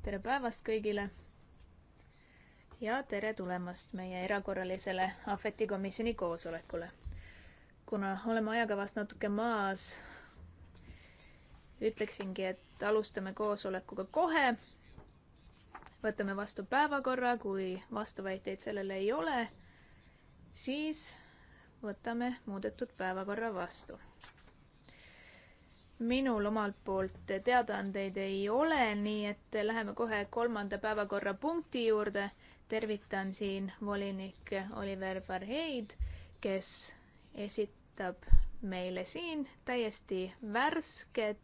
tere päevast kõigile ja tere tulemast meie erakorralisele Ahveti komisjoni koosolekule. kuna oleme ajakavast natuke maas, ütleksingi, et alustame koosolekuga kohe. võtame vastu päevakorra, kui vastuväiteid sellele ei ole, siis võtame muudetud päevakorra vastu minul omalt poolt teadaandeid ei ole, nii et läheme kohe kolmanda päevakorrapunkti juurde. tervitan siin volinik Oliver Barheid, kes esitab meile siin täiesti värsket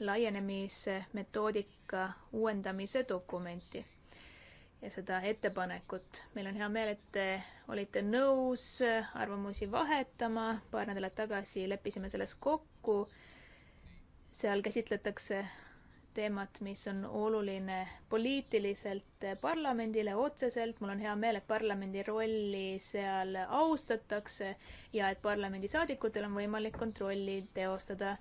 laienemismetoodika uuendamise dokumenti ja seda ettepanekut. meil on hea meel, et te olite nõus arvamusi vahetama, paar nädalat tagasi leppisime selles kokku. seal käsitletakse teemat, mis on oluline poliitiliselt parlamendile otseselt. mul on hea meel, et parlamendi rolli seal austatakse ja et parlamendisaadikutel on võimalik kontrolli teostada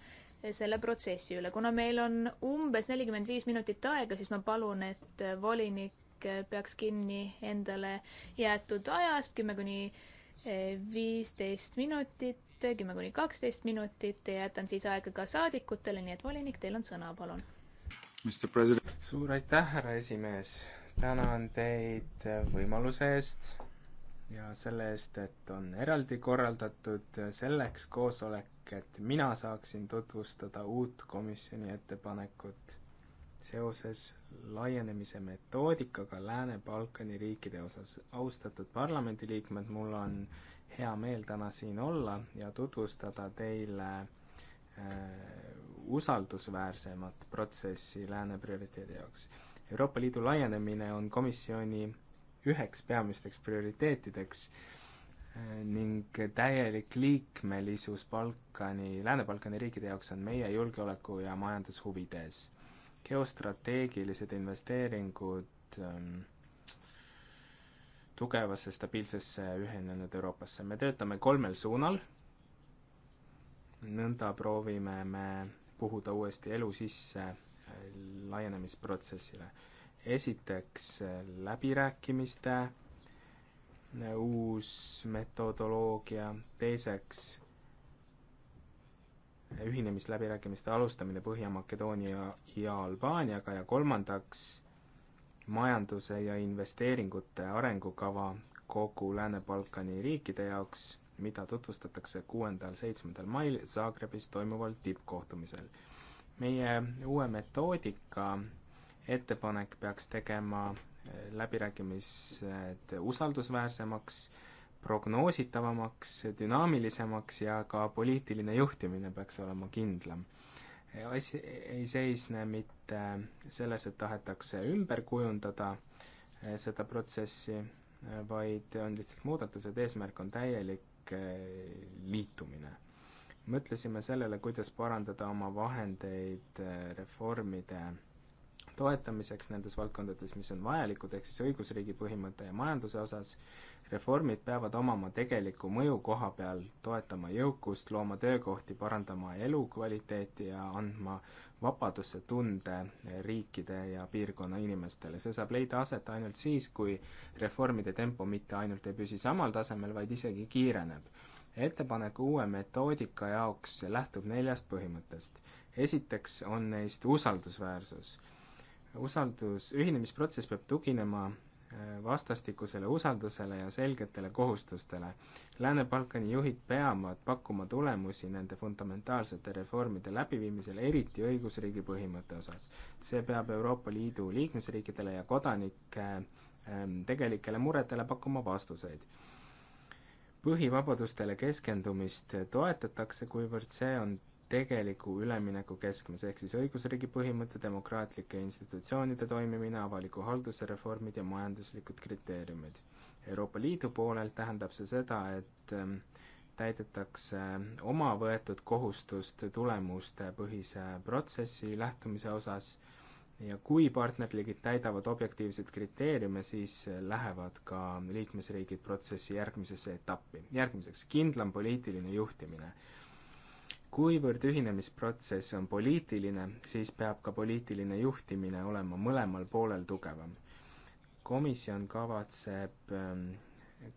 selle protsessi üle. kuna meil on umbes nelikümmend viis minutit aega, siis ma palun, et volinik kõik peaks kinni endale jäetud ajast, kümme kuni eh, viisteist minutit, kümme kuni kaksteist minutit ja jätan siis aega ka saadikutele, nii et volinik, teil on sõna, palun. suur aitäh, härra esimees, tänan teid võimaluse eest ja selle eest, et on eraldi korraldatud selleks koosolek, et mina saaksin tutvustada uut komisjoni ettepanekut seoses laienemise metoodikaga Lääne-Balkani riikide osas. austatud parlamendiliikmed, mul on hea meel täna siin olla ja tutvustada teile äh, usaldusväärsemat protsessi Lääne prioriteedi jaoks. Euroopa Liidu laienemine on komisjoni üheks peamisteks prioriteetideks äh, ning täielik liikmelisus Balkani, Lääne-Balkani riikide jaoks on meie julgeoleku ja majandushuvide ees geostrateegilised investeeringud ähm, tugevasse, stabiilsesse ühinenud Euroopasse. me töötame kolmel suunal, nõnda proovime me puhuda uuesti elu sisse äh, laienemisprotsessile. esiteks äh, läbirääkimiste äh, uus metodoloogia, teiseks ühinemisläbirääkimiste alustamine Põhja-Makedoonia ja Albaaniaga ja kolmandaks majanduse ja investeeringute arengukava kogu Lääne-Balkani riikide jaoks, mida tutvustatakse kuuendal, seitsmendal mail Zagrebis toimuval tippkohtumisel. meie uue metoodika ettepanek peaks tegema eh, läbirääkimised usaldusväärsemaks äh, prognoositavamaks, dünaamilisemaks ja ka poliitiline juhtimine peaks olema kindlam. asi ei seisne mitte selles, et tahetakse ümber kujundada eh, seda protsessi, eh, vaid on lihtsalt muudatused, eesmärk on täielik eh, liitumine. mõtlesime sellele, kuidas parandada oma vahendeid reformide toetamiseks nendes valdkondades, mis on vajalikud, ehk siis õigusriigi põhimõte ja majanduse osas, reformid peavad omama tegelikku mõju koha peal, toetama jõukust, looma töökohti, parandama elukvaliteeti ja andma vabaduse tunde riikide ja piirkonna inimestele. see saab leida aset ainult siis, kui reformide tempo mitte ainult ei püsi samal tasemel, vaid isegi kiireneb ettepanek uue metoodika jaoks lähtub neljast põhimõttest. esiteks on neist usaldusväärsus usaldus, ühinemisprotsess peab tuginema äh, vastastikusele usaldusele ja selgetele kohustustele. Lääne-Balkani juhid peavad pakkuma tulemusi nende fundamentaalsete reformide läbiviimisel, eriti õigusriigi põhimõtte osas. see peab Euroopa Liidu liikmesriikidele ja kodanike ähm, tegelikele muredele pakkuma vastuseid. põhivabadustele keskendumist toetatakse, kuivõrd see on tegeliku ülemineku keskmes, ehk siis õigusriigi põhimõte, demokraatlike institutsioonide toimimine, avaliku halduse reformid ja majanduslikud kriteeriumid. Euroopa Liidu poolel tähendab see seda, et ähm, täidetakse äh, oma võetud kohustust tulemustepõhise protsessi lähtumise osas ja kui partnerliigid täidavad objektiivseid kriteeriume, siis äh, lähevad ka liikmesriigid protsessi järgmisesse etappi. järgmiseks, kindlam poliitiline juhtimine kuivõrd ühinemisprotsess on poliitiline, siis peab ka poliitiline juhtimine olema mõlemal poolel tugevam. komisjon kavatseb ähm,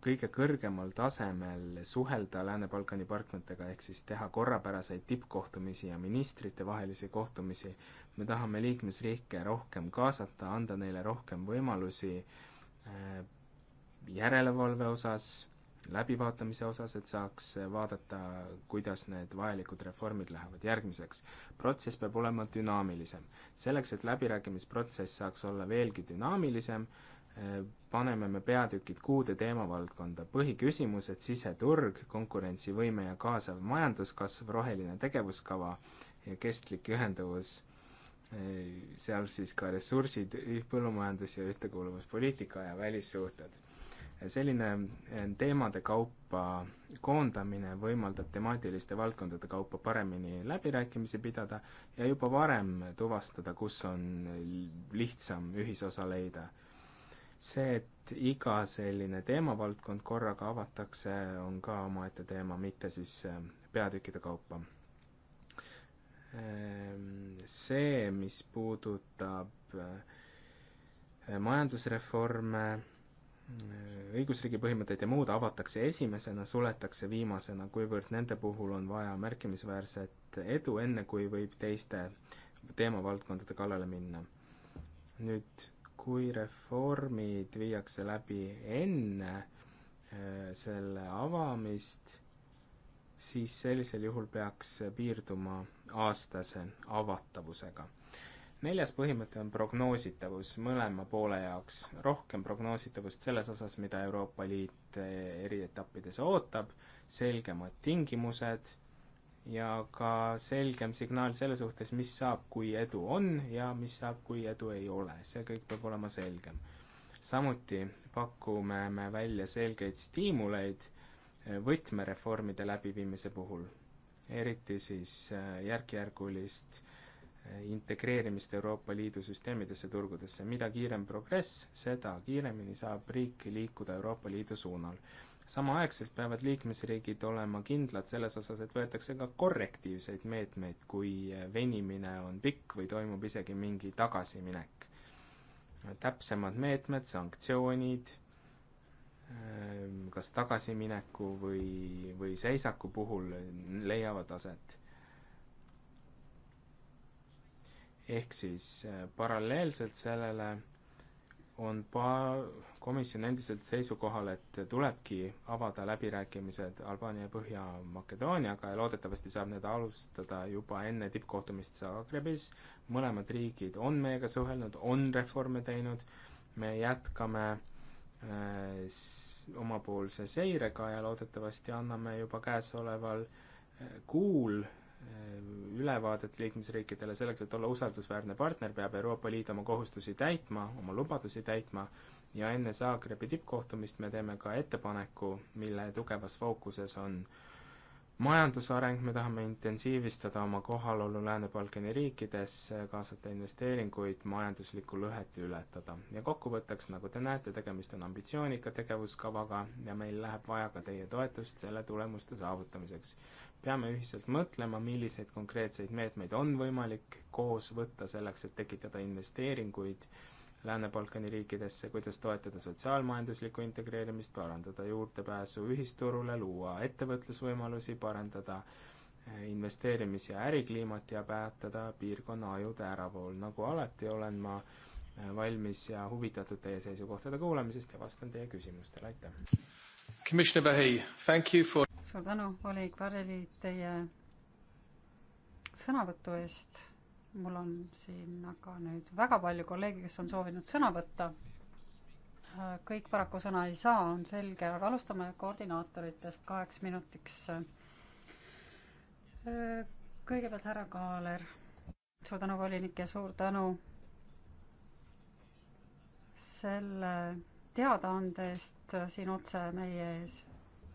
kõige kõrgemal tasemel suhelda Lääne-Balkani partneritega, ehk siis teha korrapäraseid tippkohtumisi ja ministritevahelisi kohtumisi. me tahame liikmesriike rohkem kaasata, anda neile rohkem võimalusi äh, järelevalve osas läbivaatamise osas, et saaks vaadata, kuidas need vajalikud reformid lähevad. järgmiseks, protsess peab olema dünaamilisem. selleks, et läbirääkimisprotsess saaks olla veelgi dünaamilisem, eh, paneme me peatükid kuude teemavaldkonda, põhiküsimused, siseturg, konkurentsivõime ja kaasav majanduskasv, roheline tegevuskava, kestlik ühenduvus, eh, seal siis ka ressursid, põllumajandus ja ühtekuuluvuspoliitika ja välissuhted selline eh, teemade kaupa koondamine võimaldab temaatiliste valdkondade kaupa paremini läbirääkimisi pidada ja juba varem tuvastada, kus on lihtsam ühisosa leida. see, et iga selline teemavaldkond korraga avatakse, on ka omaette teema, mitte siis eh, peatükkide kaupa. Ehm, see, mis puudutab eh, majandusreforme õigusriigi põhimõtteid ja muud avatakse esimesena, suletakse viimasena, kuivõrd nende puhul on vaja märkimisväärset edu, enne kui võib teiste teemavaldkondade kallale minna. nüüd, kui reformid viiakse läbi enne äh, selle avamist, siis sellisel juhul peaks piirduma aastase avatavusega neljas põhimõte on prognoositavus mõlema poole jaoks, rohkem prognoositavust selles osas, mida Euroopa Liit eh, eri etappides ootab, selgemad tingimused ja ka selgem signaal selle suhtes, mis saab, kui edu on ja mis saab, kui edu ei ole, see kõik peab olema selgem. samuti pakume me välja selgeid stiimuleid eh, võtmereformide läbiviimise puhul, eriti siis eh, järk-järgulist integreerimist Euroopa Liidu süsteemidesse, turgudesse. mida kiirem progress, seda kiiremini saab riik liikuda Euroopa Liidu suunal. samaaegselt peavad liikmesriigid olema kindlad selles osas, et võetakse ka korrektiivseid meetmeid, kui venimine on pikk või toimub isegi mingi tagasiminek. täpsemad meetmed, sanktsioonid, ehm, kas tagasimineku või, või seisaku puhul leiavad aset ehk siis äh, paralleelselt sellele on pa-, komisjon endiselt seisukohal, et tulebki avada läbirääkimised Albaania ja Põhja-Makedooniaga ja loodetavasti saab need alustada juba enne tippkohtumist Zagrebis, mõlemad riigid on meiega suhelnud, on reforme teinud, me jätkame äh, omapoolse seirega ja loodetavasti anname juba käesoleval äh, kuul äh, Äh, ülevaadet liikmesriikidele, selleks et olla usaldusväärne partner, peab Euroopa Liit oma kohustusi täitma, oma lubadusi täitma ja enne Zagrebi tippkohtumist me teeme ka ettepaneku, mille tugevas fookuses on majandusareng, me tahame intensiivistada oma kohalolu Lääne-Balkani riikides, kaasata investeeringuid, majanduslikku lõhet ületada. ja kokkuvõtteks, nagu te näete, tegemist on ambitsioonika tegevuskavaga ja meil läheb vaja ka teie toetust selle tulemuste saavutamiseks peame ühiselt mõtlema, milliseid konkreetseid meetmeid on võimalik koos võtta selleks, et tekitada investeeringuid Lääne-Balkani riikidesse, kuidas toetada sotsiaalmajanduslikku integreerimist, parandada juurdepääsu ühisturule, luua ettevõtlusvõimalusi, parandada eh, investeerimis- ja ärikliimat ja päätada piirkonna ajude äravool. nagu alati olen ma eh, valmis ja huvitatud teie seisukohtade kuulamisest ja vastan teie küsimustele, aitäh! For... suur tänu, Oleg Vareli, teie sõnavõtu eest. mul on siin aga nüüd väga palju kolleege, kes on soovinud sõna võtta. kõik paraku sõna ei saa, on selge, aga alustame koordinaatoritest kaheks minutiks. kõigepealt härra Kaaler, suur tänu, volinik, ja suur tänu selle teadaandest äh, siin otse meie ees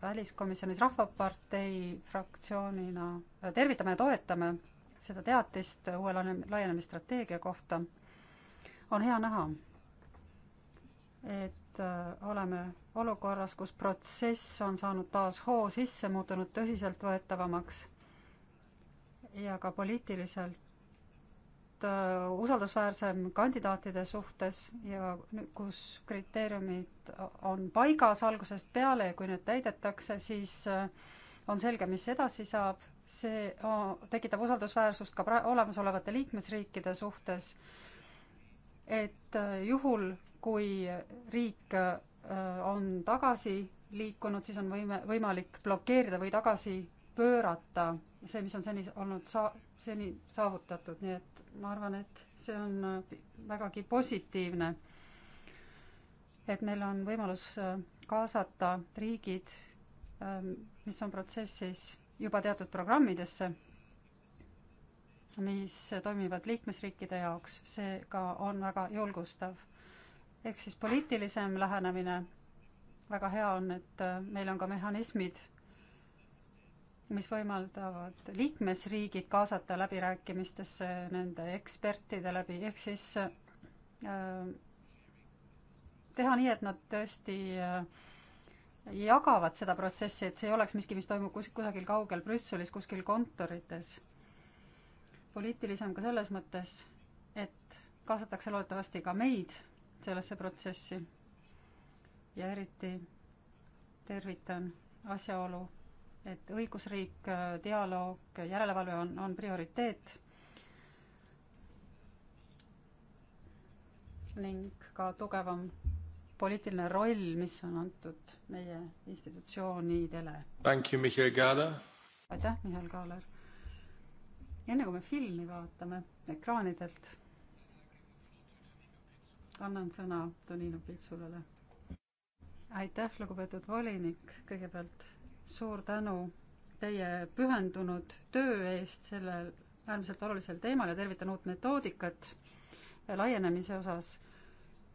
väliskomisjonis Rahvapartei fraktsioonina äh, tervitame ja toetame seda teatist uue laienemisstrateegia kohta. on hea näha, et äh, oleme olukorras, kus protsess on saanud taas hoo sisse, muutunud tõsiseltvõetavamaks ja ka poliitiliselt Äh, usaldusväärsem kandidaatide suhtes ja kus kriteeriumid on paigas algusest peale ja kui need täidetakse, siis äh, on selge, mis edasi saab. see tekitab usaldusväärsust ka pra-, olemasolevate liikmesriikide suhtes, et äh, juhul, kui riik on tagasi liikunud, siis on võime, võimalik blokeerida või tagasi pöörata see, mis on seni olnud sa-, seni saavutatud, nii et ma arvan, et see on äh, vägagi positiivne, et meil on võimalus äh, kaasata riigid, ähm, mis on protsessis juba teatud programmidesse, mis toimivad liikmesriikide jaoks, see ka on väga julgustav. ehk siis poliitilisem lähenemine, väga hea on, et äh, meil on ka mehhanismid mis võimaldavad liikmesriigid kaasata läbirääkimistesse nende ekspertide läbi, ehk siis äh, teha nii, et nad tõesti äh, jagavad seda protsessi, et see ei oleks miski, mis toimub kus-, kusagil kaugel Brüsselis, kuskil kontorites. poliitilisem ka selles mõttes, et kaasatakse loodetavasti ka meid sellesse protsessi ja eriti tervitan asjaolu et õigusriik, dialoog, järelevalve on, on prioriteet ning ka tugevam poliitiline roll, mis on antud meie institutsioonidele. aitäh, Mihhail Kaaler. enne kui me filmi vaatame ekraanidelt, annan sõna Tonino Pitsulale. aitäh, lugupeetud volinik, kõigepealt suur tänu teie pühendunud töö eest sellel äärmiselt olulisel teemal ja tervitan uut metoodikat laienemise osas.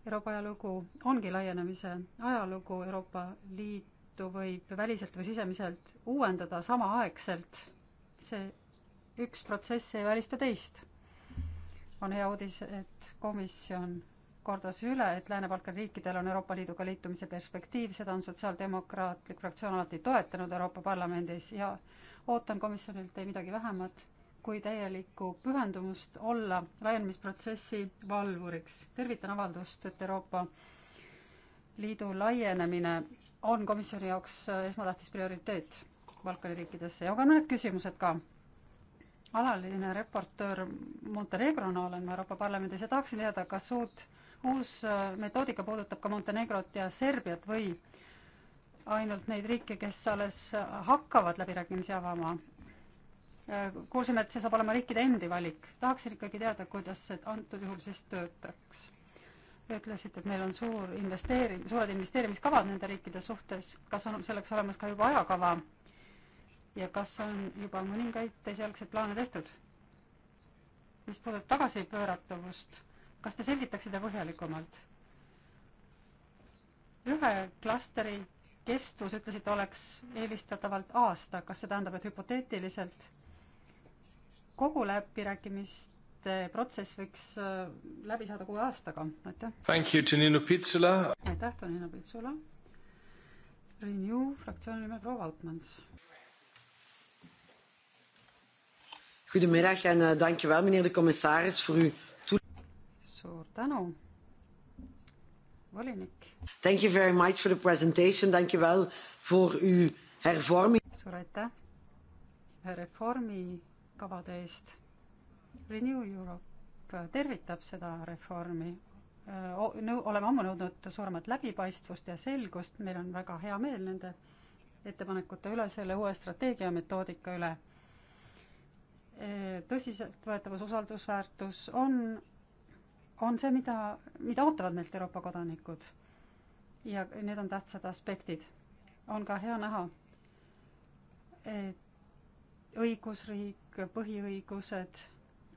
Euroopa ajalugu ongi laienemise ajalugu, Euroopa Liitu võib väliselt või sisemiselt uuendada samaaegselt. see üks protsess ei välista teist. on hea uudis, et komisjon kordas üle, et Lääne-Balkani riikidel on Euroopa Liiduga liitumise perspektiiv, seda on Sotsiaaldemokraatlik fraktsioon alati toetanud Euroopa Parlamendis ja ootan komisjonilt ei midagi vähemat kui täielikku pühendumust olla laienemisprotsessi valvuriks. tervitan avaldust, et Euroopa Liidu laienemine on komisjoni jaoks esmatähtis prioriteet Balkani riikidesse ja on ka mõned küsimused ka alaline reportöör Montenegrona olen ma Euroopa Parlamendis ja tahaksin teada, kas uut uus äh, metoodika puudutab ka Montenegrot ja Serbiat või ainult neid riike, kes alles äh, hakkavad läbirääkimisi avama? Äh, kuulsime, et see saab olema riikide endi valik. tahaksin ikkagi teada, kuidas see antud juhul siis töötaks. ütlesite, et meil on suur investeeri-, suured investeerimiskavad nende riikide suhtes. kas on selleks olemas ka juba ajakava? ja kas on juba mõningaid esialgseid plaane tehtud? mis puudutab tagasipööratavust kas te selgitaksite põhjalikumalt? ühe klasteri kestus, ütlesite, oleks eelistatavalt aasta, kas see tähendab, et hüpoteetiliselt kogu läbirääkimiste protsess võiks äh, läbi saada kuue aastaga, aitäh. Thank you, Tõnino Pitsula. aitäh, Tõnino Pitsula. Renew fraktsiooni nimel proua Altmans. Goedemiddag en uh, eh, dankjewel meneer de commissaris voor uw suur tänu, volinik. Thank you very much for the presentation, thank you well for you hervormi. suur aitäh reformikavade eest. Renew Europe tervitab seda reformi. Nõu-, oleme ammu nõudnud suuremat läbipaistvust ja selgust, meil on väga hea meel nende ettepanekute üle, selle uue strateegia metoodika üle. tõsiseltvõetavus, usaldusväärtus on on see, mida, mida ootavad meilt Euroopa kodanikud. ja need on tähtsad aspektid. on ka hea näha, et õigusriik, põhiõigused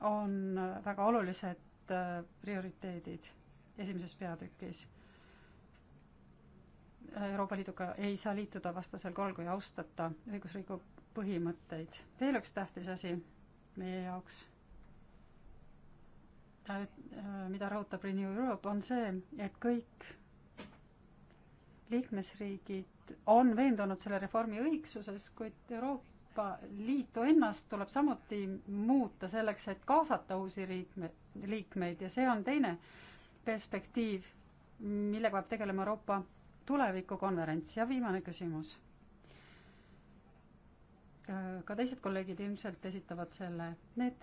on väga olulised äh, prioriteedid esimeses peatükis. Euroopa Liiduga ei saa liituda vastasel korral, kui austata õigusriigi põhimõtteid. veel üks tähtis asi meie jaoks mida rõhutab Renew Europe, on see, et kõik liikmesriigid on veendunud selle reformi õigsuses, kuid Euroopa Liitu ennast tuleb samuti muuta selleks, et kaasata uusi liikme, liikmeid ja see on teine perspektiiv, millega peab tegelema Euroopa tulevikukonverents ja viimane küsimus Äh, ka teised kolleegid ilmselt esitavad selle. Need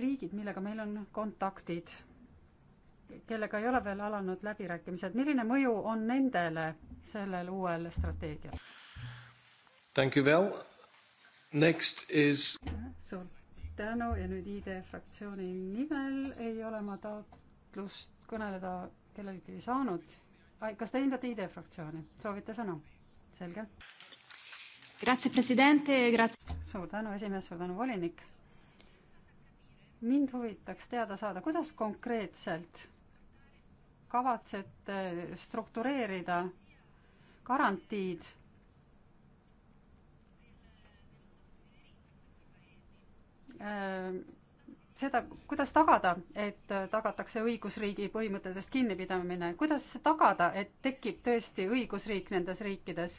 riigid, millega meil on kontaktid, kellega ei ole veel alanud läbirääkimised, milline mõju on nendele sellel uuel strateegial? Thank you well. Next is. suur tänu ja nüüd ID fraktsiooni nimel ei ole ma taotlust kõneleda kellelgi saanud. kas te hindate ID fraktsiooni, soovite sõna? selge suur tänu, esimees, suur tänu, volinik. mind huvitaks teada saada, kuidas konkreetselt kavatsete struktureerida garantiid äh, seda, kuidas tagada, et tagatakse õigusriigi põhimõtetest kinnipidamine, kuidas tagada, et tekib tõesti õigusriik nendes riikides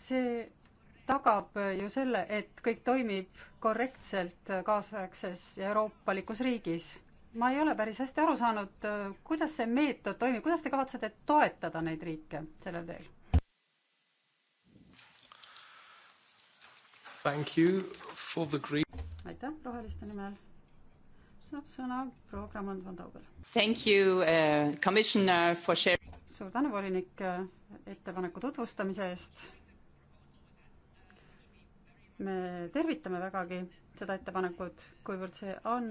see tagab ju selle, et kõik toimib korrektselt kaasaegses euroopalikus riigis. ma ei ole päris hästi aru saanud, kuidas see meetod toimib, kuidas te kavatsete toetada neid riike sellel teel? Thank you for the green. aitäh roheliste nimel. saab sõna proua Grammond van Taubel. Thank you uh,, commissioner for sharing. suur tänu, volinik, ettepaneku tutvustamise eest me tervitame vägagi seda ettepanekut, kuivõrd see on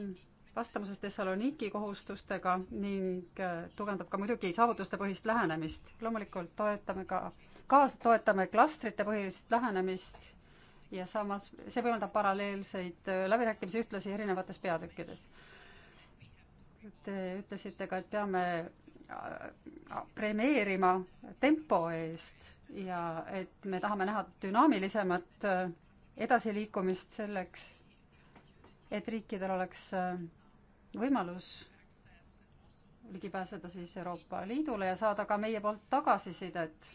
vastamuses Thessaloniki kohustustega ning äh, tugevdab ka muidugi saavutustepõhist lähenemist. loomulikult toetame ka, kaasa toetame klastrite põhilist lähenemist ja samas see võimaldab paralleelseid äh, läbirääkimisi ühtlasi erinevates peatükkides. Te ütlesite ka, et peame äh, premeerima tempo eest ja et me tahame näha dünaamilisemat edasiliikumist selleks, et riikidel oleks äh, võimalus ligi pääseda siis Euroopa Liidule ja saada ka meie poolt tagasisidet.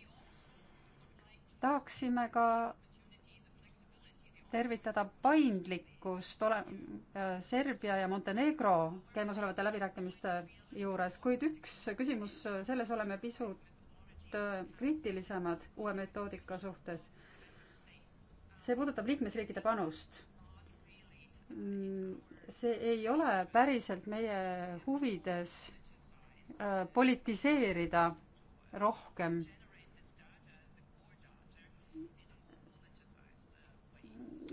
tahaksime ka tervitada paindlikkust ole-, äh, Serbia ja Montenegro käimasolevate läbirääkimiste juures, kuid üks küsimus, äh, selles oleme pisut kriitilisemad uue metoodika suhtes see puudutab liikmesriikide panust. see ei ole päriselt meie huvides äh, politiseerida rohkem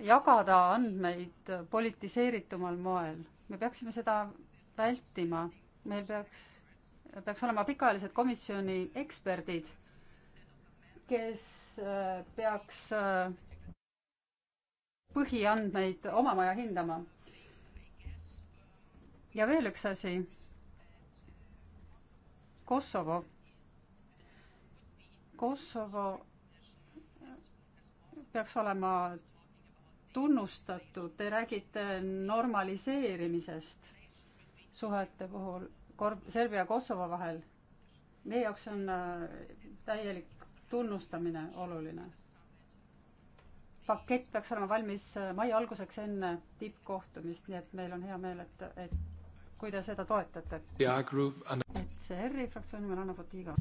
jagada andmeid politiseeritumal moel. me peaksime seda vältima. meil peaks, peaks olema pikaajalised komisjoni eksperdid, kes äh, peaks äh, põhiandmeid oma maja hindama. ja veel üks asi. Kosovo. Kosovo peaks olema tunnustatud, te räägite normaliseerimisest suhete puhul Kor-, Serbia ja Kosovo vahel. meie jaoks on äh, täielik tunnustamine oluline pakett peaks olema valmis äh, mai alguseks enne tippkohtumist, nii et meil on hea meel, et, et kui te seda toetate. et see ERR-i fraktsiooni nimel Anna Potiga.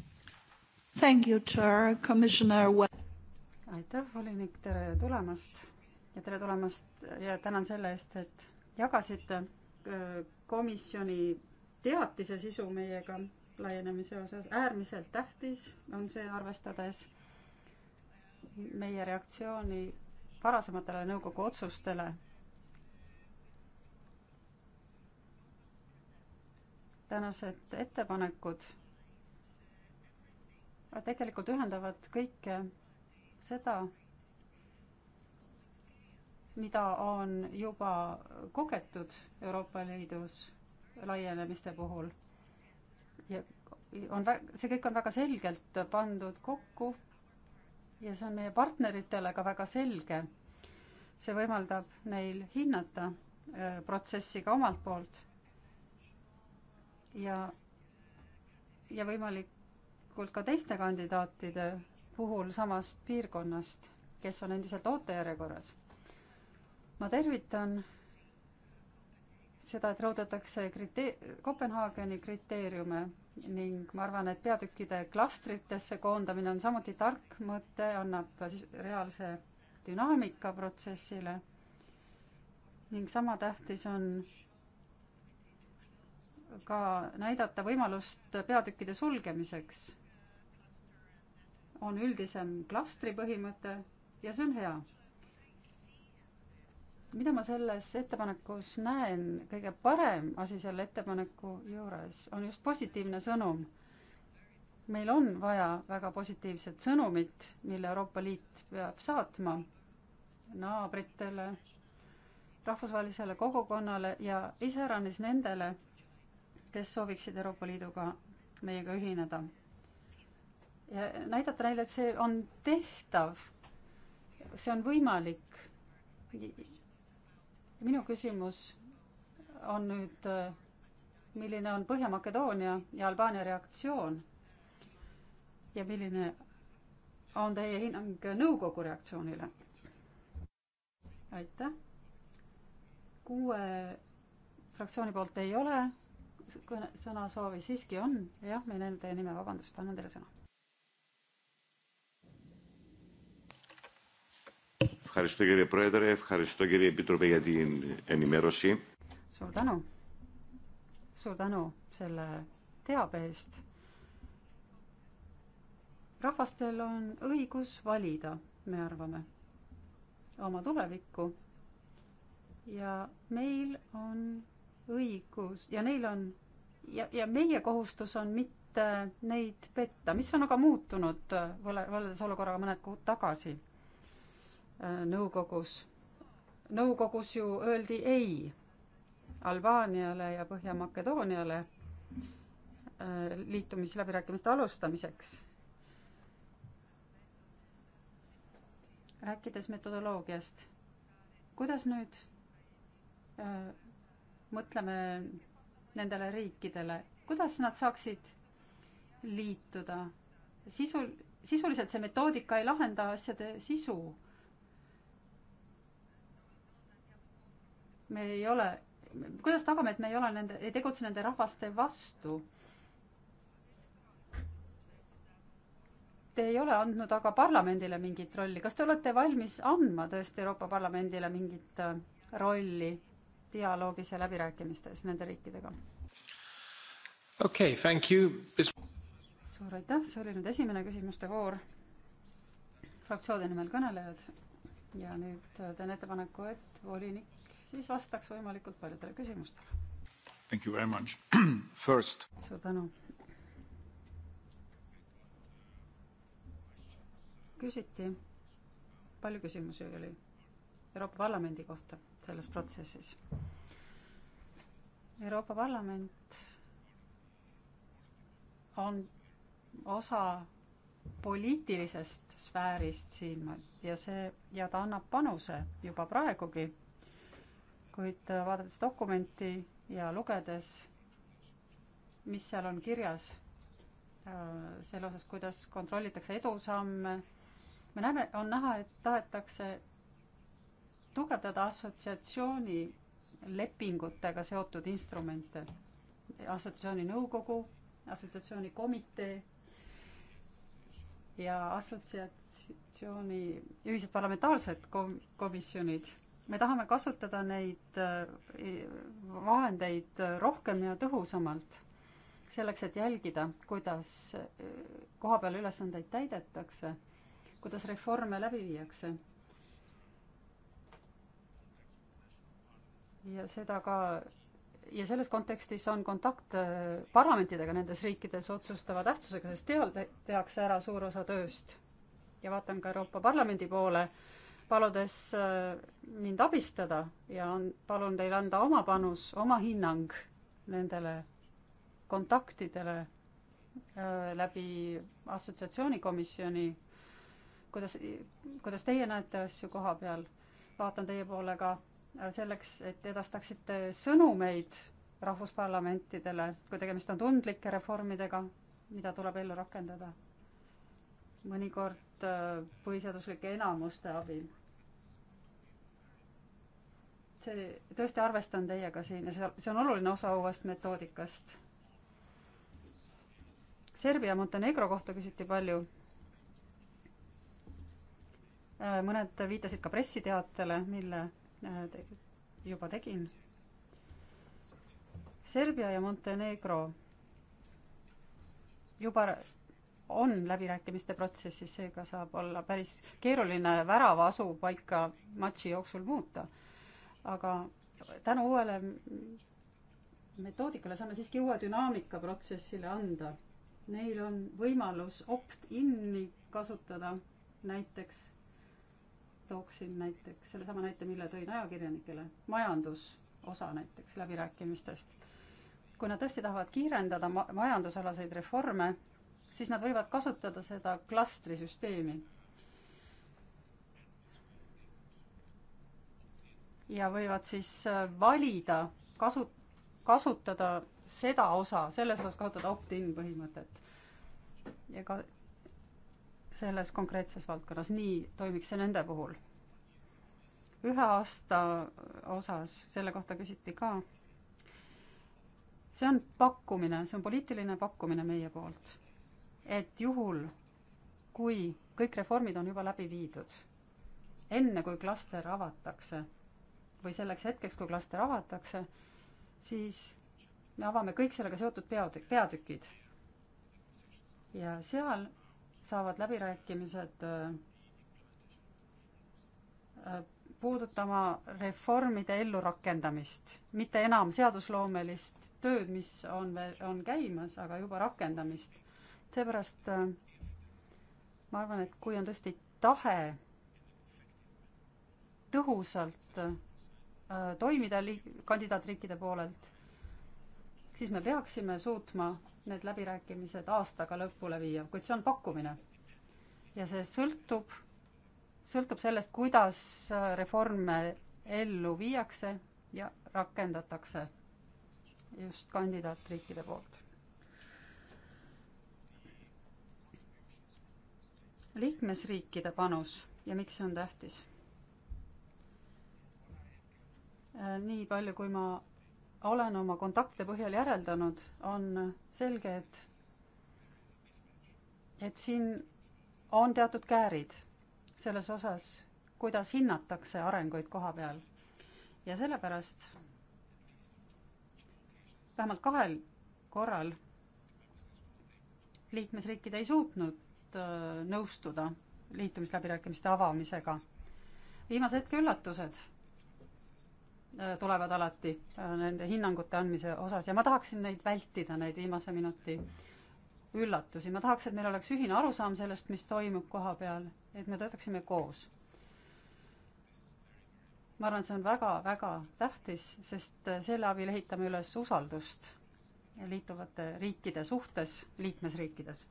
aitäh, volinik, tere tulemast ja tere tulemast ja tänan selle eest, et jagasite äh, komisjoni teatise sisu meiega laienemise osas. äärmiselt tähtis on see, arvestades meie reaktsiooni varasematele nõukogu otsustele. tänased ettepanekud tegelikult ühendavad kõike seda, mida on juba kogetud Euroopa Liidus laienemiste puhul. ja on, see kõik on väga selgelt pandud kokku ja see on meie partneritele ka väga selge. see võimaldab neil hinnata äh, protsessi ka omalt poolt. ja, ja võimalikult ka teiste kandidaatide puhul samast piirkonnast, kes on endiselt ootejärjekorras. ma tervitan seda, et rõhutatakse krite-, Kopenhaageni kriteeriume ning ma arvan, et peatükkide klastritesse koondamine on samuti tark mõte, annab siis reaalse dünaamika protsessile. ning sama tähtis on ka näidata võimalust peatükkide sulgemiseks. on üldisem klastri põhimõte ja see on hea mida ma selles ettepanekus näen, kõige parem asi selle ettepaneku juures on just positiivne sõnum. meil on vaja väga positiivset sõnumit, mille Euroopa Liit peab saatma naabritele, rahvusvahelisele kogukonnale ja iseäranis nendele, kes sooviksid Euroopa Liiduga meiega ühineda. ja näidata neile, et see on tehtav, see on võimalik minu küsimus on nüüd, äh, milline on Põhja-Makedoonia ja Albaania reaktsioon ja milline on teie hinnang nõukogu reaktsioonile? aitäh. kuue fraktsiooni poolt ei ole sõnasoovi, siiski on, jah, ma ei näinud teie nime, vabandust, annan teile sõna Ευχαριστώ κύριε Πρόεδρε, ευχαριστώ κύριε Επίτροπε για την ενημέρωση. suur tänu, suur tänu selle teabe eest. rahvastel on õigus valida, me arvame, oma tulevikku. ja meil on õigus ja neil on ja, ja meie kohustus on mitte neid petta, mis on aga muutunud võrreldes olukorraga mõned kuud tagasi Äh, nõukogus. nõukogus ju öeldi ei Albaaniale ja Põhja-Makedooniale äh, liitumisläbirääkimiste alustamiseks. rääkides metodoloogiast, kuidas nüüd äh, mõtleme nendele riikidele, kuidas nad saaksid liituda? sisul, sisuliselt see metoodika ei lahenda asjade sisu me ei ole, kuidas tagame, et me ei ole nende, ei tegutse nende rahvaste vastu? Te ei ole andnud aga parlamendile mingit rolli, kas te olete valmis andma tõesti Euroopa Parlamendile mingit äh, rolli dialoogis ja läbirääkimistes nende riikidega? okei okay,, thank you. suur aitäh, see oli nüüd esimene küsimuste voor. fraktsioonide nimel kõnelejad ja nüüd äh, teen ettepaneku, et volinik siis vastaks võimalikult paljudele küsimustele. Thank you very much. First. suur tänu. küsiti, palju küsimusi oli Euroopa Parlamendi kohta selles protsessis. Euroopa Parlament on osa poliitilisest sfäärist siin ja see, ja ta annab panuse juba praegugi kuid äh, vaadates dokumenti ja lugedes, mis seal on kirjas äh, selle osas, kuidas kontrollitakse edusamme, me näeme, on näha, et tahetakse tugevdada assotsiatsiooni lepingutega seotud instrumente, assotsiatsiooni nõukogu, assotsiatsiooni komitee ja assotsiatsiooni ühised parlamentaarsed kom-, komisjonid me tahame kasutada neid äh, vahendeid rohkem ja tõhusamalt, selleks et jälgida, kuidas äh, kohapeal ülesandeid täidetakse, kuidas reforme läbi viiakse. ja seda ka ja selles kontekstis on kontakt äh, parlamentidega nendes riikides otsustava tähtsusega, sest seal tehakse ära suur osa tööst. ja vaatan ka Euroopa Parlamendi poole paludes äh, mind abistada ja on, palun teil anda oma panus, oma hinnang nendele kontaktidele öö, äh, läbi assotsiatsioonikomisjoni, kuidas, kuidas teie näete asju koha peal, vaatan teie poole ka äh, selleks, et edastaksite sõnumeid rahvusparlamentidele, kui tegemist on tundlike reformidega, mida tuleb ellu rakendada mõnikord põhiseaduslike enamuste abil see, tõesti arvestan teiega siin ja see, see on oluline osa uuest metoodikast. Serbia ja Montenegro kohta küsiti palju. Äh, mõned viitasid ka pressiteatele, mille äh, te, juba tegin. Serbia ja Montenegro juba on läbirääkimiste protsessis, seega saab olla päris keeruline värava asupaika matši jooksul muuta aga tänu uuele metoodikale saame siiski uue dünaamika protsessile anda. Neil on võimalus opt-in'i kasutada, näiteks tooksin näiteks sellesama näite, mille tõin ajakirjanikele, majandusosa näiteks läbirääkimistest. kui nad tõesti tahavad kiirendada ma-, majandusalaseid reforme, siis nad võivad kasutada seda klastrisüsteemi ja võivad siis äh, valida, kasu, kasutada seda osa, selles osas kasutada opt-in põhimõtet. ja ka selles konkreetses valdkonnas, nii toimiks see nende puhul. ühe aasta osas, selle kohta küsiti ka, see on pakkumine, see on poliitiline pakkumine meie poolt, et juhul, kui kõik reformid on juba läbi viidud, enne kui klaster avatakse või selleks hetkeks, kui klaster avatakse, siis me avame kõik sellega seotud peatükk, peatükid. ja seal saavad läbirääkimised äh, äh, puudutama reformide ellurakendamist, mitte enam seadusloomelist tööd, mis on veel, on käimas, aga juba rakendamist. seepärast äh, ma arvan, et kui on tõesti tahe tõhusalt Äh, toimida liik-, kandidaatriikide poolelt, siis me peaksime suutma need läbirääkimised aastaga lõpule viia, kuid see on pakkumine. ja see sõltub, sõltub sellest, kuidas äh, reforme ellu viiakse ja rakendatakse just kandidaatriikide poolt. liikmesriikide panus ja miks see on tähtis Äh, nii palju, kui ma olen oma kontaktide põhjal järeldanud, on selge, et et siin on teatud käärid selles osas, kuidas hinnatakse arenguid koha peal. ja sellepärast vähemalt kahel korral liikmesriigid ei suutnud äh, nõustuda liitumisläbirääkimiste avamisega. viimase hetke üllatused Äh, tulevad alati äh, nende hinnangute andmise osas ja ma tahaksin neid vältida, neid viimase minuti üllatusi, ma tahaks, et meil oleks ühine arusaam sellest, mis toimub koha peal, et me töötaksime koos. ma arvan, et see on väga-väga tähtis, sest äh, selle abil ehitame üles usaldust liituvate riikide suhtes liikmesriikides.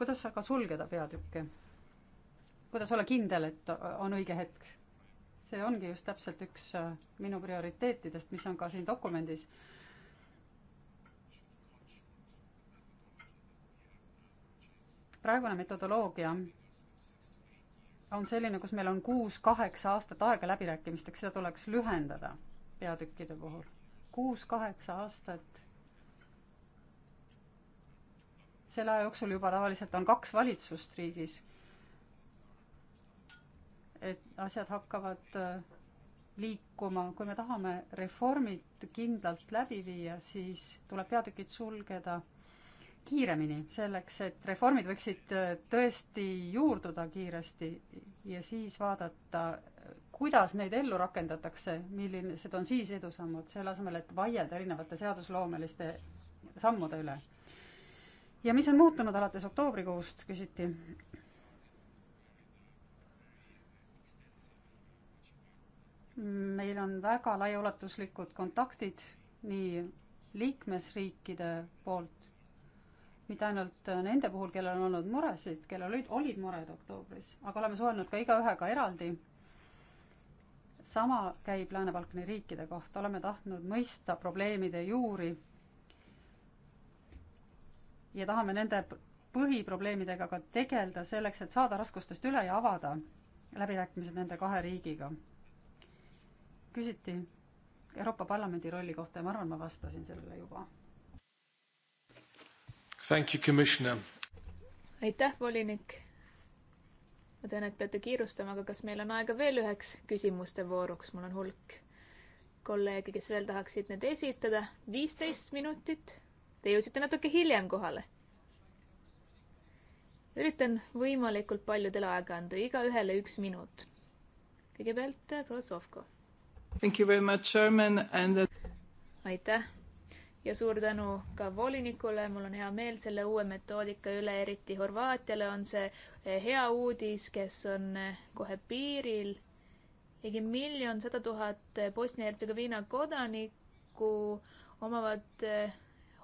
kuidas aga sulgeda peatükke? kuidas olla kindel, et on õige hetk? see ongi just täpselt üks äh, minu prioriteetidest, mis on ka siin dokumendis. praegune metodoloogia on selline, kus meil on kuus-kaheksa aastat aega läbirääkimisteks, seda tuleks lühendada peatükkide puhul. kuus-kaheksa aastat. selle aja jooksul juba tavaliselt on kaks valitsust riigis et asjad hakkavad äh, liikuma, kui me tahame reformid kindlalt läbi viia, siis tuleb peatükid sulgeda kiiremini, selleks et reformid võiksid äh, tõesti juurduda kiiresti ja siis vaadata, kuidas neid ellu rakendatakse, millised on siis edusammud, selle asemel, et vaielda erinevate seadusloomeliste sammude üle. ja mis on muutunud alates oktoobrikuust, küsiti meil on väga laiaulatuslikud kontaktid nii liikmesriikide poolt, mitte ainult nende puhul, kellel on olnud muresid, kellel olid, olid mured oktoobris, aga oleme suhelnud ka igaühega eraldi. sama käib Lääne-Balkani riikide kohta, oleme tahtnud mõista probleemide juuri ja tahame nende põhiprobleemidega ka tegeleda selleks, et saada raskustest üle ja avada läbirääkimised nende kahe riigiga küsiti Euroopa Parlamendi rolli kohta ja ma arvan, ma vastasin sellele juba. aitäh, volinik. ma tean, et peate kiirustama, aga kas meil on aega veel üheks küsimuste vooruks, mul on hulk kolleege, kes veel tahaksid need esitada. viisteist minutit. Te jõudsite natuke hiljem kohale. üritan võimalikult paljudele aega anda, igaühele üks minut. kõigepealt proua Sovko Much, German, and... aitäh ja suur tänu ka volinikule, mul on hea meel selle uue metoodika üle, eriti Horvaatiale on see eh, hea uudis, kes on eh, kohe piiril. ligi miljon sada tuhat eh, Bosnia-Hertsegoviina kodanikku omavad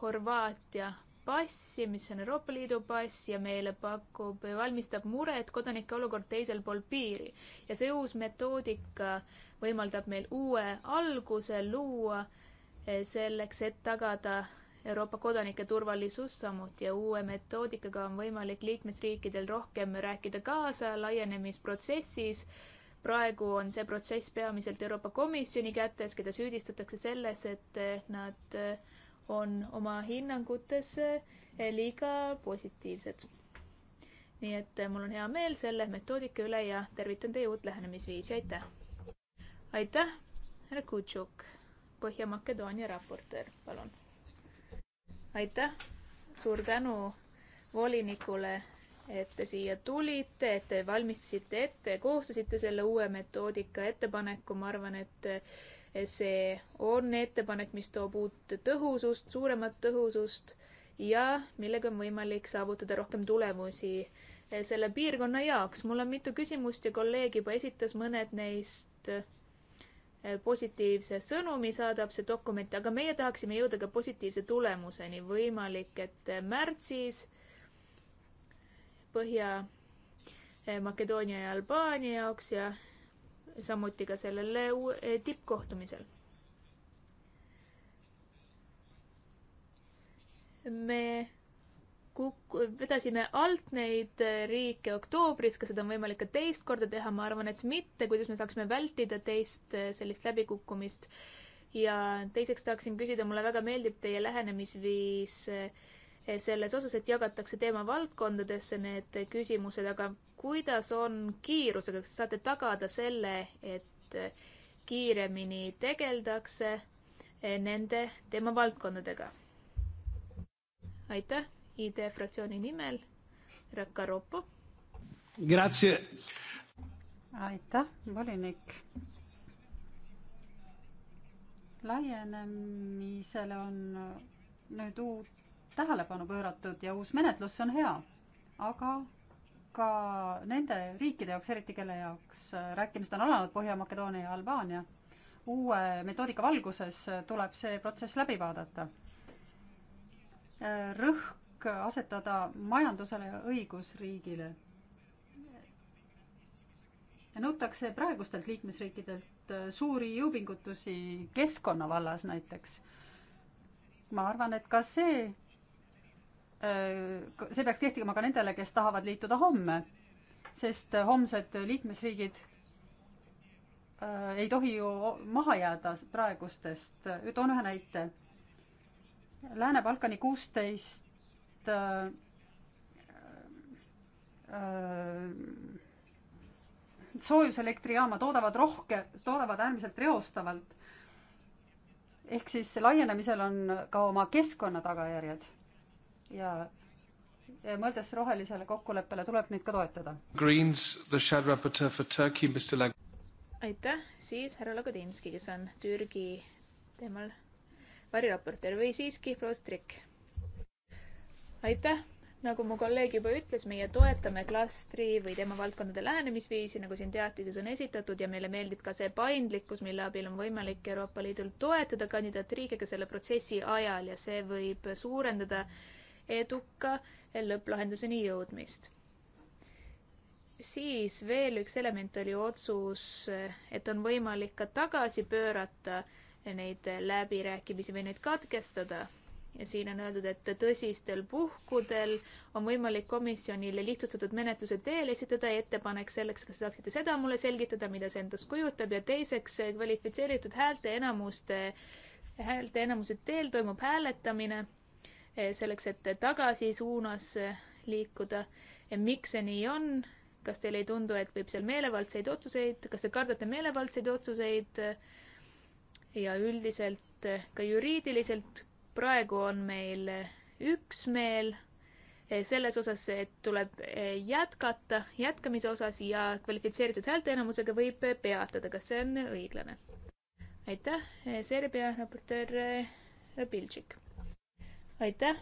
Horvaatia passi, mis on Euroopa Liidu pass ja meile pakub, valmistab muret kodanike olukord teisel pool piiri. ja see uus metoodika võimaldab meil uue alguse luua eh, selleks, et tagada Euroopa kodanike turvalisus samuti ja uue metoodikaga on võimalik liikmesriikidel rohkem rääkida kaasa laienemisprotsessis. praegu on see protsess peamiselt Euroopa Komisjoni kätes, keda süüdistatakse selles, et eh, nad äh, on oma hinnangutes eh, liiga positiivsed. nii et eh, mul on hea meel selle metoodika üle ja tervitan teie uut lähenemisviisi, aitäh! aitäh, härra Kutšuk, Põhja-Makedoonia raportöör, palun! aitäh, suur tänu volinikule et te siia tulite, et te valmistasite ette, koostasite selle uue metoodika ettepaneku, ma arvan, et eh, see on ettepanek, mis toob uut tõhusust, suuremat tõhusust ja millega on võimalik saavutada rohkem tulemusi eh, selle piirkonna jaoks. mul on mitu küsimust ja kolleeg juba esitas mõned neist eh, positiivse sõnumi saadab see dokument, aga meie tahaksime jõuda ka positiivse tulemuseni. võimalik, et eh, märtsis Põhja-Makedoonia ja Albaania jaoks ja samuti ka sellel eh, eh, tippkohtumisel. me kuk-, vedasime alt neid eh, riike oktoobris, kas seda on võimalik ka teist korda teha, ma arvan, et mitte, kuidas me saaksime vältida teist sellist läbikukkumist. ja teiseks tahaksin küsida, mulle väga meeldib teie lähenemisviis selles osas, et jagatakse teemavaldkondadesse need küsimused, aga kuidas on kiirusega, kas te saate tagada selle, et kiiremini tegeldakse eh, nende teemavaldkondadega? aitäh, ID fraktsiooni nimel, Raka Ropo. aitäh, volinik laienemisele on nüüd uut tähelepanu pööratud ja uus menetlus, see on hea. aga ka nende riikide jaoks, eriti kelle jaoks äh, rääkimised on alanud, Põhja-Makedoonia ja Albaania, uue metoodika valguses äh, tuleb see protsess läbi vaadata. Äh, rõhk asetada majandusele ja õigusriigile. nõutakse praegustelt liikmesriikidelt suuri jõupingutusi keskkonna vallas näiteks. ma arvan, et ka see Äh, see peaks kehtima ka nendele, kes tahavad liituda homme, sest homsed liikmesriigid äh, ei tohi ju maha jääda praegustest. toon ühe näite. Lääne-Balkani kuusteist äh, soojuselektrijaama toodavad rohke, toodavad äärmiselt reostavalt. ehk siis laienemisel on ka oma keskkonna tagajärjed ja mõeldes rohelisele kokkuleppele, tuleb neid ka toetada. Greens, the shadow rapporteur for Turkey, Mr Lag-. aitäh, siis härra Lagodinski, kes on Türgi teemal variraportöör või siiski proua Strik. aitäh, nagu mu kolleeg juba ütles, meie toetame klastri või tema valdkondade lähenemisviisi, nagu siin teatises on esitatud ja meile meeldib ka see paindlikkus, mille abil on võimalik Euroopa Liidul toetada kandidaatriike ka selle protsessi ajal ja see võib suurendada äh, eduka lõpplahenduseni jõudmist. siis veel üks element oli otsus, et on võimalik ka tagasi pöörata neid läbirääkimisi või neid katkestada. ja siin on öeldud, et tõsistel puhkudel on võimalik komisjonile lihtsustatud menetluse teel esitada ettepanek selleks, kas saaksite seda mulle selgitada, mida see endast kujutab ja teiseks kvalifitseeritud häälte enamuste häälte enamuse teel toimub hääletamine Eh, selleks, et tagasi suunas eh, liikuda. miks see nii on? kas teile ei tundu, et võib seal meelevaldseid otsuseid, kas te kardate meelevaldseid otsuseid? ja üldiselt eh, ka juriidiliselt praegu on meil üksmeel selles osas, et tuleb jätkata, jätkamise osas ja kvalifitseeritud häälteenamusega võib peatada, kas see on õiglane? aitäh, Serbia raportöör Biltšik aitäh!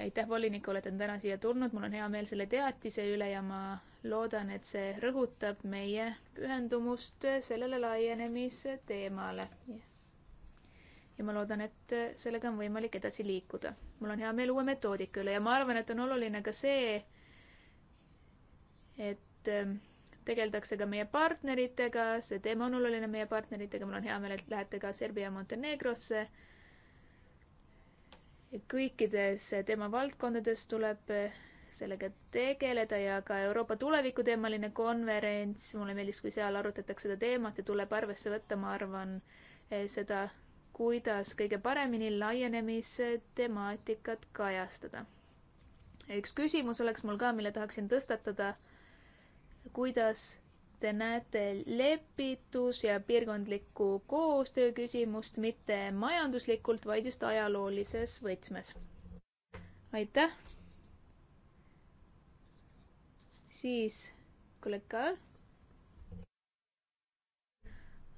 aitäh volinikule, et on täna siia tulnud, mul on hea meel selle teatise üle ja ma loodan, et see rõhutab meie pühendumust sellele laienemise teemale. ja ma loodan, et sellega on võimalik edasi liikuda. mul on hea meel uue metoodika üle ja ma arvan, et on oluline ka see, et ähm, tegeldakse ka meie partneritega, see teema on oluline meie partneritega, mul on hea meel, et lähete ka Serbia ja Montenegrosse kõikides tema valdkondades tuleb eh, sellega tegeleda ja ka Euroopa tuleviku teemaline konverents, mulle meeldis, kui seal arutatakse seda teemat ja tuleb arvesse võtta, ma arvan, eh, seda, kuidas kõige paremini laienemistemaatikat kajastada. üks küsimus oleks mul ka, mille tahaksin tõstatada. kuidas te näete lepitus- ja piirkondliku koostöö küsimust mitte majanduslikult, vaid just ajaloolises võtmes. aitäh. siis kollegaal.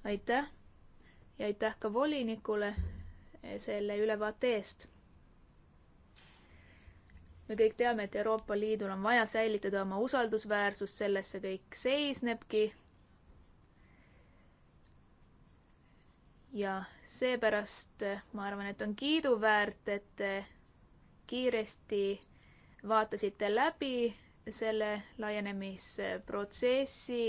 aitäh ja aitäh ka volinikule selle ülevaate eest me kõik teame, et Euroopa Liidul on vaja säilitada oma usaldusväärsus, selles see kõik seisnebki. ja seepärast eh, ma arvan, et on kiiduväärt, et kiiresti vaatasite läbi selle laienemisprotsessi.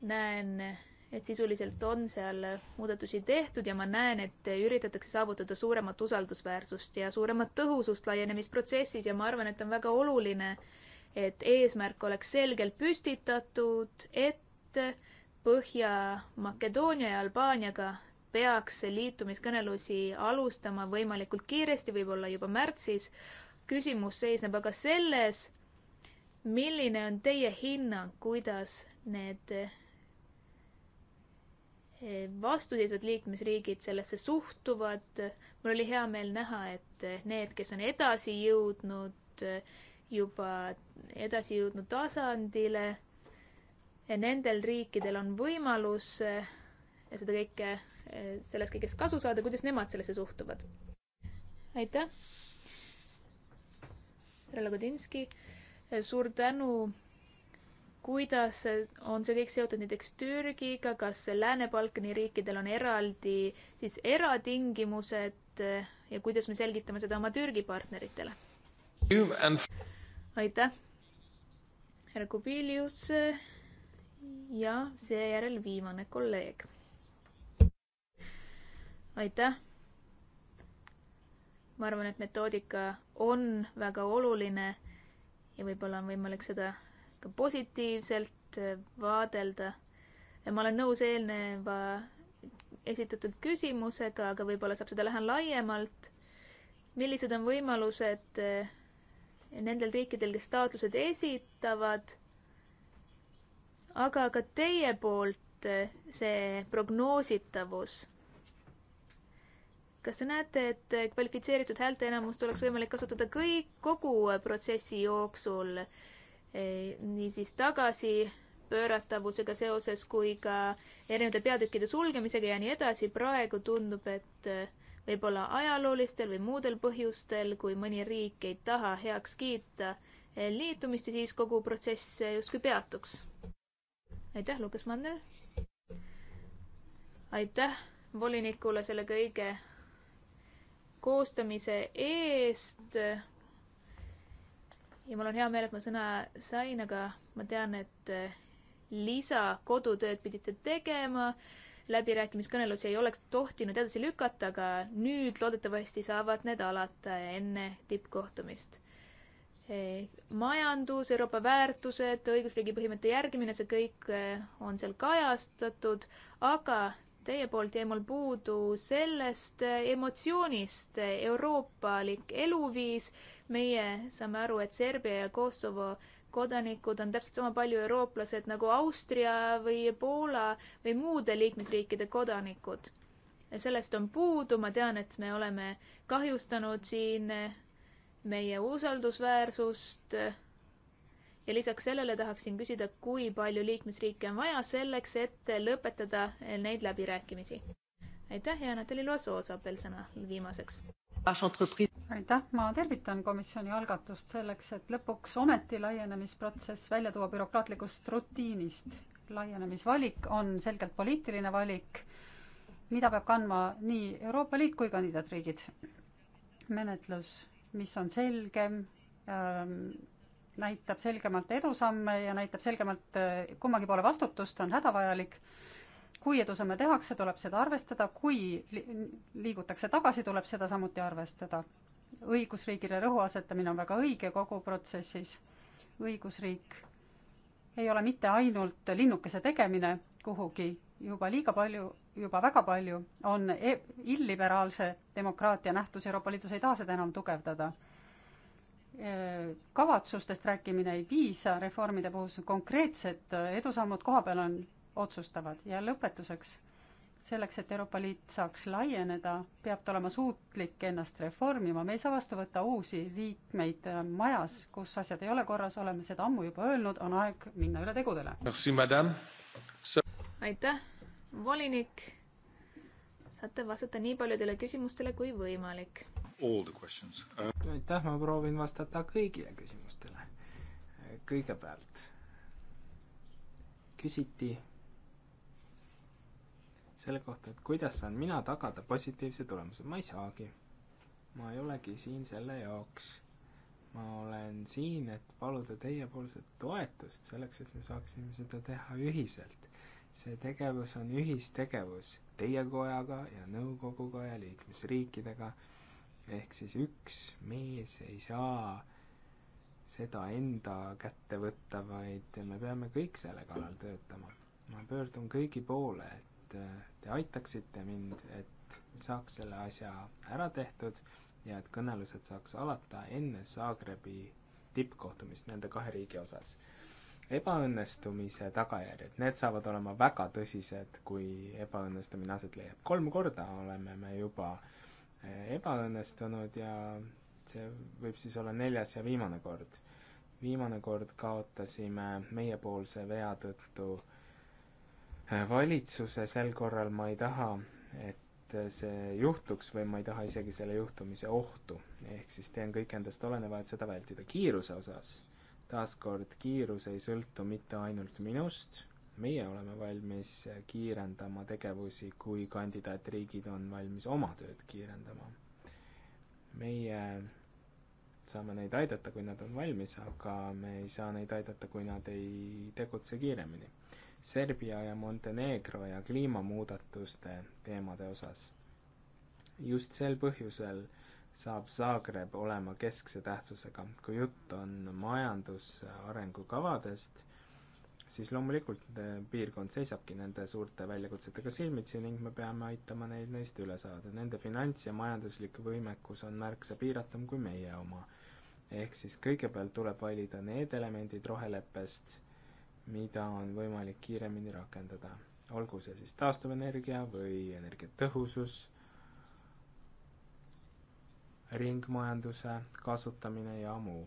näen eh, et sisuliselt on seal muudatusi tehtud ja ma näen, et üritatakse saavutada suuremat usaldusväärsust ja suuremat tõhusust laienemisprotsessis ja ma arvan, et on väga oluline, et eesmärk oleks selgelt püstitatud, et Põhja-Makedoonia ja Albaaniaga peaks liitumiskõnelusi alustama võimalikult kiiresti, võib-olla juba märtsis. küsimus seisneb aga selles, milline on teie hinnang, kuidas need Eh, vastuseisvad liikmesriigid sellesse suhtuvad. mul oli hea meel näha, et eh, need, kes on edasi jõudnud, eh, juba edasi jõudnud tasandile, nendel riikidel on võimalus seda kõike, sellest kõigest kasu saada, kuidas nemad sellesse suhtuvad. aitäh. härra Lagodinski, suur tänu kuidas on see kõik seotud näiteks Türgiga, kas Lääne-Balkani riikidel on eraldi siis eratingimused ja kuidas me selgitame seda oma Türgi partneritele? aitäh, härra Kubilius ja seejärel viimane kolleeg. aitäh. ma arvan, et metoodika on väga oluline ja võib-olla on võimalik seda ka positiivselt äh, vaadelda. ma olen nõus eelneva esitatud küsimusega, aga võib-olla saab seda lähen laiemalt. millised on võimalused äh, nendel riikidel, kes taotlused esitavad, aga ka teie poolt äh, see prognoositavus? kas te näete, et kvalifitseeritud häälteenamust oleks võimalik kasutada kõik, kogu protsessi jooksul? niisiis tagasi pööratavusega seoses kui ka erinevate peatükkide sulgemisega ja nii edasi. praegu tundub, et eh, võib-olla ajaloolistel või muudel põhjustel, kui mõni riik ei taha heaks kiita eh, liitumist ja siis kogu protsess justkui peatuks. aitäh, Lukas Mandel! aitäh volinikule selle kõige koostamise eest ja mul on hea meel, et ma sõna sain, aga ma tean, et eh, lisakodutööd pidite tegema, läbirääkimiskõnelusi ei oleks tohtinud edasi lükata, aga nüüd loodetavasti saavad need alata enne tippkohtumist. Eh, majandus, Euroopa väärtused, õigusriigi põhimõtte järgimine, see kõik eh, on seal kajastatud, aga teie poolt jäi mul puudu sellest emotsioonist, euroopalik eluviis meie saame aru, et Serbia ja Kosovo kodanikud on täpselt sama palju eurooplased nagu Austria või Poola või muude liikmesriikide kodanikud. sellest on puudu, ma tean, et me oleme kahjustanud siin meie usaldusväärsust. ja lisaks sellele tahaksin küsida, kui palju liikmesriike on vaja selleks, et lõpetada neid läbirääkimisi. aitäh ja Natali Loasoo saab veel sõna viimaseks aitäh, ma tervitan komisjoni algatust selleks, et lõpuks ometi laienemisprotsess välja tuua bürokraatlikust rutiinist. laienemisvalik on selgelt poliitiline valik, mida peab kandma nii Euroopa Liit kui kandidaatriigid. menetlus, mis on selgem ähm,, näitab selgemalt edusamme ja näitab selgemalt äh, kummagi poole vastutust, on hädavajalik kui edusamme tehakse, tuleb seda arvestada, kui liigutakse tagasi, tuleb seda samuti arvestada. õigusriigile rõhu asetamine on väga õige kogu protsessis. õigusriik ei ole mitte ainult linnukese tegemine kuhugi, juba liiga palju, juba väga palju on e illiberaalse demokraatia nähtus Euroopa Liidus, ei taha seda enam tugevdada kavatsustest rääkimine ei piisa reformide puhul, konkreetsed edusammud koha peal on otsustavad ja lõpetuseks, selleks, et Euroopa Liit saaks laieneda, peab ta olema suutlik ennast reformima, me ei saa vastu võtta uusi liikmeid majas, kus asjad ei ole korras, oleme seda ammu juba öelnud, on aeg minna üle tegudele. aitäh, volinik. saate vastata nii paljudele küsimustele kui võimalik. Uh, aitäh, ma proovin vastata kõigile küsimustele. kõigepealt küsiti selle kohta, et kuidas saan mina tagada positiivse tulemuse, ma ei saagi. ma ei olegi siin selle jaoks. ma olen siin, et paluda teiepoolset toetust selleks, et me saaksime seda teha ühiselt. see tegevus on ühistegevus teie kojaga ja nõukoguga ja liikmesriikidega, ehk siis üks mees ei saa seda enda kätte võtta, vaid me peame kõik selle kallal töötama. ma pöördun kõigi poole, et et äh, te aitaksite mind, et saaks selle asja ära tehtud ja et kõnelused saaks alata enne Zagrebi tippkohtumist nende kahe riigi osas. ebaõnnestumise tagajärjed, need saavad olema väga tõsised, kui ebaõnnestumine aset leiab. kolm korda oleme me juba äh, ebaõnnestunud ja see võib siis olla neljas ja viimane kord. viimane kord kaotasime meiepoolse vea tõttu äh, valitsuse sel korral ma ei taha, et see juhtuks või ma ei taha isegi selle juhtumise ohtu. ehk siis teen kõik endast oleneva, et seda vältida. kiiruse osas, taaskord, kiirus ei sõltu mitte ainult minust, meie oleme valmis kiirendama tegevusi, kui kandidaatriigid on valmis oma tööd kiirendama. meie saame neid aidata, kui nad on valmis, aga me ei saa neid aidata, kui nad ei tegutse kiiremini Serbia ja Montenegro ja kliimamuudatuste teemade osas. just sel põhjusel saab Zagreb olema keskse tähtsusega. kui jutt on majandusarengukavadest, siis loomulikult eh, piirkond seisabki nende suurte väljakutsetega silmitsi ning me peame aitama neil neist üle saada. Nende finants- ja majanduslik võimekus on märksa piiratum kui meie oma. ehk siis kõigepealt tuleb valida need elemendid roheleppest mida on võimalik kiiremini rakendada. olgu see siis taastuvenergia või energiatõhusus, ringmajanduse kasutamine ja muu.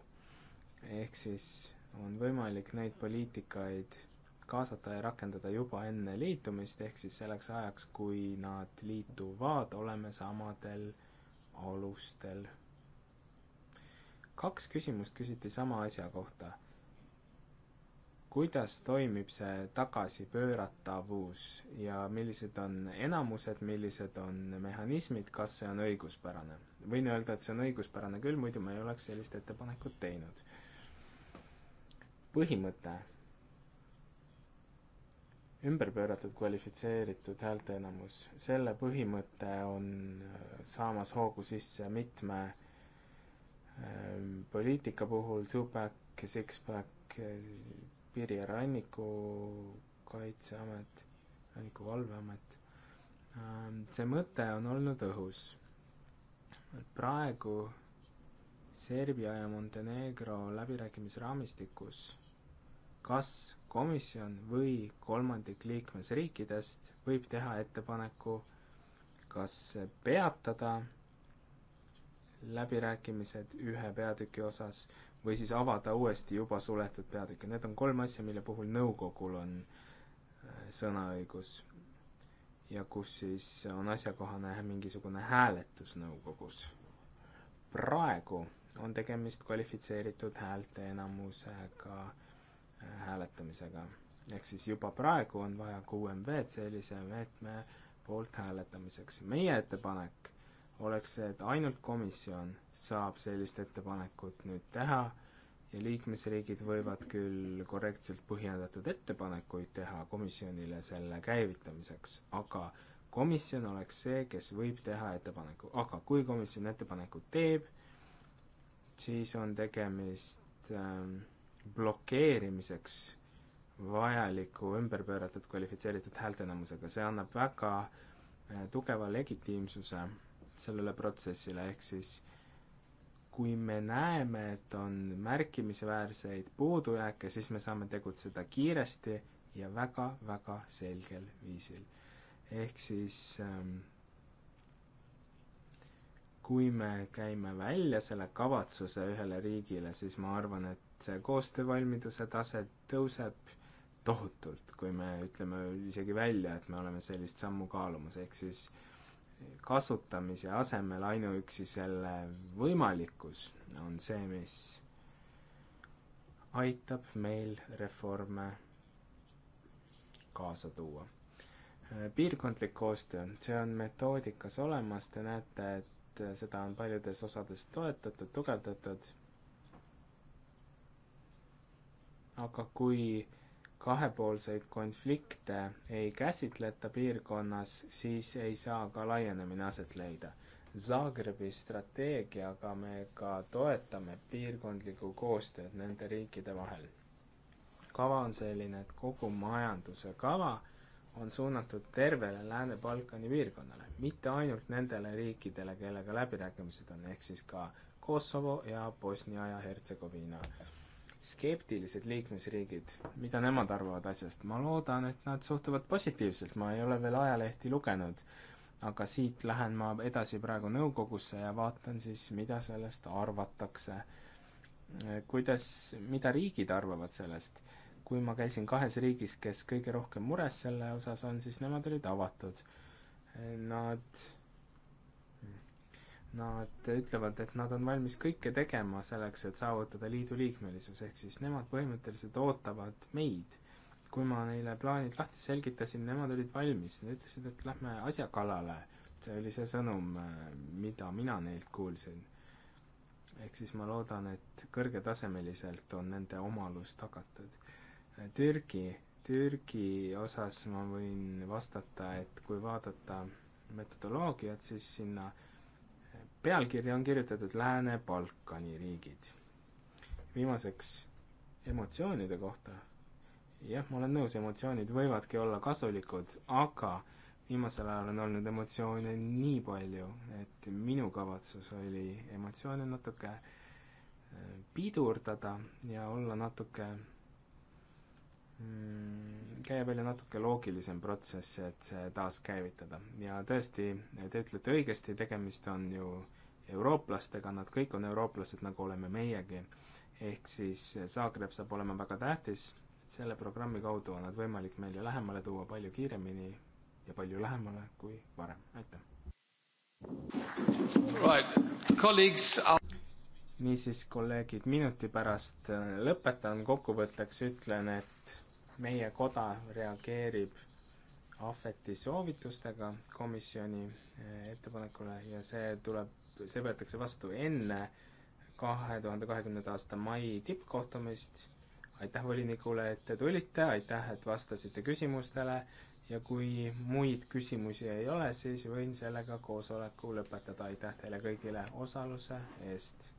ehk siis on võimalik neid poliitikaid kaasata ja rakendada juba enne liitumist, ehk siis selleks ajaks, kui nad liituvad, oleme samadel alustel. kaks küsimust küsiti sama asja kohta kuidas toimib see tagasipööratavus ja millised on enamused, millised on mehhanismid, kas see on õiguspärane? võin öelda, et see on õiguspärane küll, muidu ma ei oleks sellist ettepanekut teinud. põhimõte. ümberpööratud kvalifitseeritud häälteenamus, selle põhimõte on äh, saamas hoogu sisse mitme äh, poliitika puhul, two-pack, six-pack, äh, Piiri- ja Rannikukaitseamet, Rannikuvalveamet. Ähm, see mõte on olnud õhus. praegu Serbia ja Montenegro läbirääkimisraamistikus kas komisjon või kolmandik liikmesriikidest võib teha ettepaneku kas peatada läbirääkimised ühe peatüki osas või siis avada uuesti juba suletud peatükke. Need on kolm asja, mille puhul nõukogul on äh, sõnaõigus ja kus siis on asjakohane mingisugune hääletus nõukogus. praegu on tegemist kvalifitseeritud häälteenamusega äh, hääletamisega. ehk siis juba praegu on vaja QMV-d sellise meetme poolt hääletamiseks. meie ettepanek oleks see, et ainult komisjon saab sellist ettepanekut nüüd teha ja liikmesriigid võivad küll korrektselt põhjendatud ettepanekuid teha komisjonile selle käivitamiseks, aga komisjon oleks see, kes võib teha ettepaneku, aga kui komisjon ettepaneku teeb, siis on tegemist ähm, blokeerimiseks vajaliku ümberpööratud kvalifitseeritud häälteenamusega, see annab väga äh, tugeva legitiimsuse äh, sellele protsessile, ehk siis kui me näeme, et on märkimisväärseid puudujääke, siis me saame tegutseda kiiresti ja väga-väga selgel viisil. ehk siis ähm, kui me käime välja selle kavatsuse ühele riigile, siis ma arvan, et see koostöövalmiduse tase tõuseb tohutult, kui me ütleme isegi välja, et me oleme sellist sammu kaalumas, ehk siis äh, kasutamise asemel ainuüksi selle võimalikkus on see, mis aitab meil reforme kaasa tuua. piirkondlik koostöö, see on metoodikas olemas, te näete, et seda on paljudes osades toetatud, tugevdatud, aga kui kahepoolseid konflikte ei käsitleta piirkonnas, siis ei saa ka laienemine aset leida. Zagrebi strateegiaga me ka toetame piirkondlikku koostööd nende riikide vahel. kava on selline, et kogu majanduse kava on suunatud tervele Lääne-Balkani piirkonnale, mitte ainult nendele riikidele, kellega läbirääkimised on, ehk siis ka Kosovo ja Bosnia ja Hertsegoviina skeptilised liikmesriigid, mida nemad arvavad asjast. ma loodan, et nad suhtuvad positiivselt, ma ei ole veel ajalehti lugenud, aga siit lähen ma edasi praegu nõukogusse ja vaatan siis, mida sellest arvatakse. kuidas, mida riigid arvavad sellest. kui ma käisin kahes riigis, kes kõige rohkem mures selle osas on, siis nemad olid avatud. Nad Nad ütlevad, et nad on valmis kõike tegema selleks, et saavutada liidu liikmelisus, ehk siis nemad põhimõtteliselt ootavad meid. kui ma neile plaanid lahti selgitasin, nemad olid valmis, nad ütlesid, et lähme asja kallale. see oli see sõnum, mida mina neilt kuulsin. ehk siis ma loodan, et kõrgetasemeliselt on nende omalus tagatud. Türgi, Türgi osas ma võin vastata, et kui vaadata metodoloogiat, siis sinna pealkirja on kirjutatud Lääne-Balkani riigid. viimaseks emotsioonide kohta. jah, ma olen nõus, emotsioonid võivadki olla kasulikud, aga viimasel ajal on olnud emotsioone nii palju, et minu kavatsus oli emotsioone natuke äh, pidurdada ja olla natuke Mm, käia välja natuke loogilisem protsess, et see taaskäivitada. ja tõesti, te ütlete õigesti, tegemist on ju eurooplastega, nad kõik on eurooplased, nagu oleme meiegi. ehk siis Zagreb saab olema väga tähtis, selle programmi kaudu on nad võimalik meile lähemale tuua palju kiiremini ja palju lähemale kui varem, aitäh! Right. niisiis, kolleegid, minuti pärast lõpetan, kokkuvõtteks ütlen, et meie koda reageerib ahveti soovitustega komisjoni eh, ettepanekule ja see tuleb, see võetakse vastu enne kahe tuhande kahekümnenda aasta mai tippkohtumist. aitäh volinikule, et te tulite, aitäh, et vastasite küsimustele ja kui muid küsimusi ei ole, siis võin sellega koosoleku lõpetada. aitäh teile kõigile osaluse eest